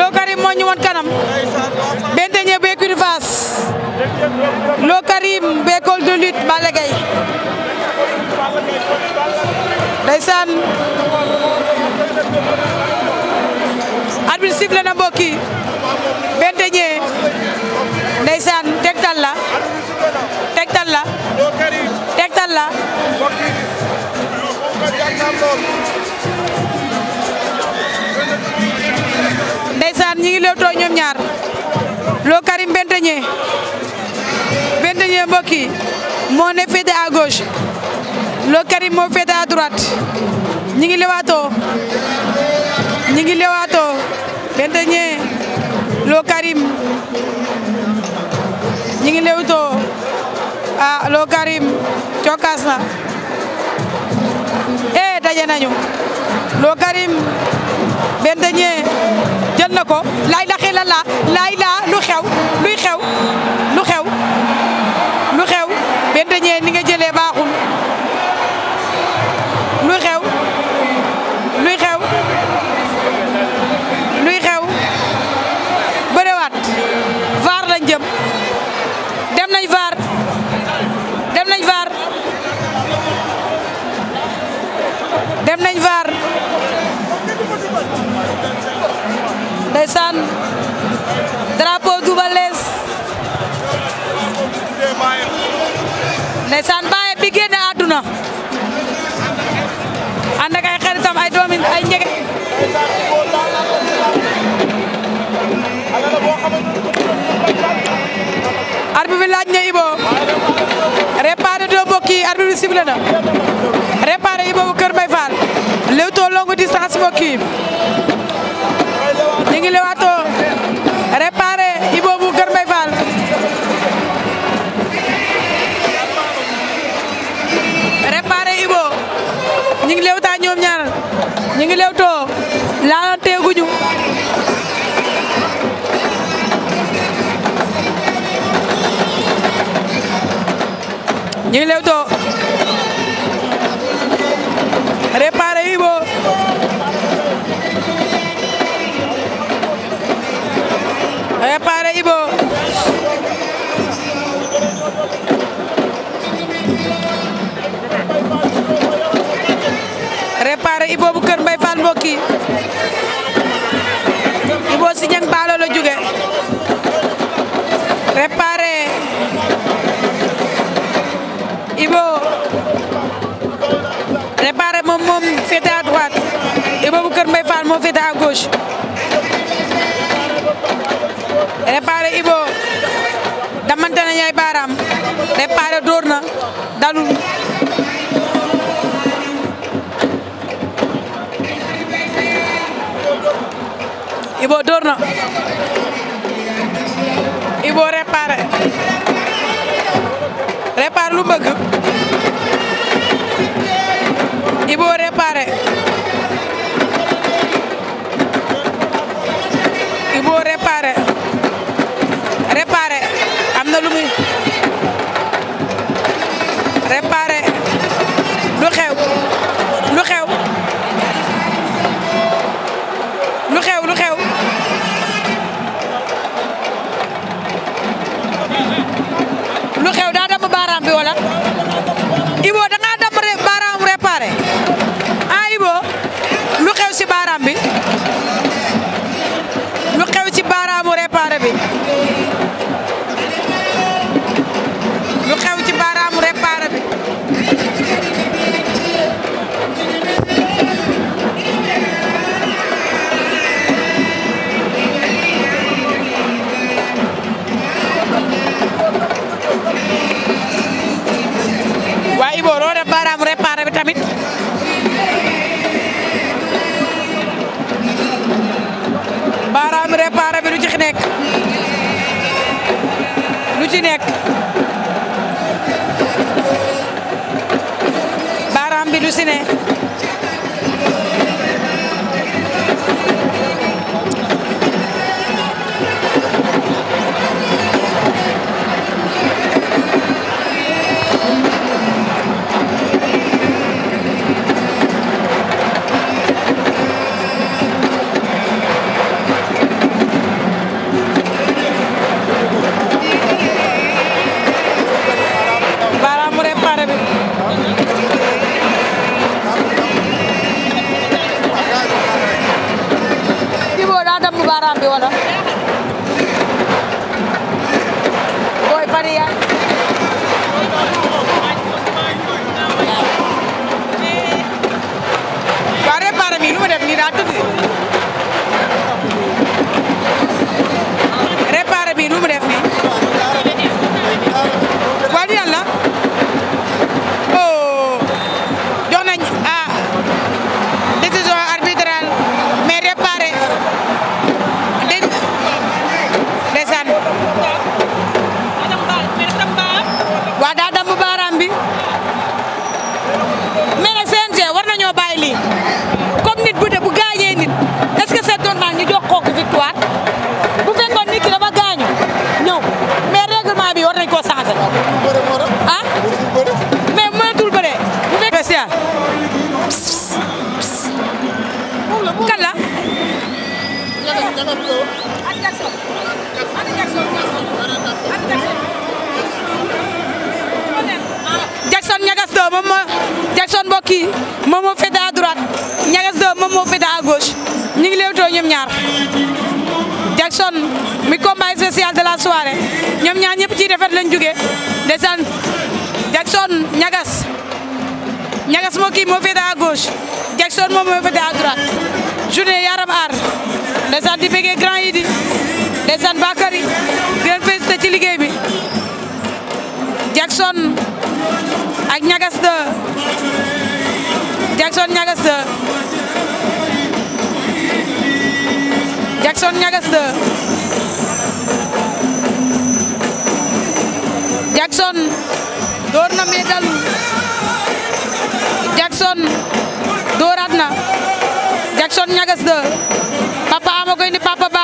Lô Karim moo ñu kanam Benteñe bu écurie Fass Lô Karim de lutte Balla Gaye ndeysaan arbitre sifflé na mbokk yi Benteñe ndeysaan tegtal la tegtal la tegtal la ñi ngi leewtoo ñoom ñaar Lô Karim Benteñe Benteñe mbokk yi moo ne féete à gauche Lô Karim moo féete à droite ñi ngi lewaatoo ñi ngi lewaatoo Benteñe Lô Karim ñi ngi lewtoo ah Lô Karim cokkaas na eh daje nañu Lô Karim Benteñe jël na ko lay daxee la ndeysaan baaye bi génn àdduna ànd ak ay xaritam ay doomi ay njege arbi na Ibo réparé doo bokki arbi bi sifflé na réparé Ibo bu Kër Mbaye Fall Leewtoo bokki ñu ñu ngi lewtoo réparé Ibo réparé Ibo réparé Ibo bu kër Mbaye Fall mbokk yi ko féete à gauche réparé Ibo damante nañu ay réparé dóor na dalul Ibo dóor réparé réparé lu bëgg harambi wono Jackson mbokk yi moom moo féete à droite Niagass moom moo féete à gauche ngi léewtoo ñoom ñaar Jackson mi la soirée ñoom ñaar ñëpp ci defet lañ jógee ndeysaan Jackson Niagass Niagass moo kii moo féete à gauche Jackson moom moo féete à droite journée yaram aar ndeysaan di bëggee grand yi di ndeysaan Bakary di leen félicité ci liggéey bi Jackson ak Niagass Jackson Ñagas 2 Jackson Ñagas 2 Jackson door na mais dalu Jackson dooraat na ama koy ni papa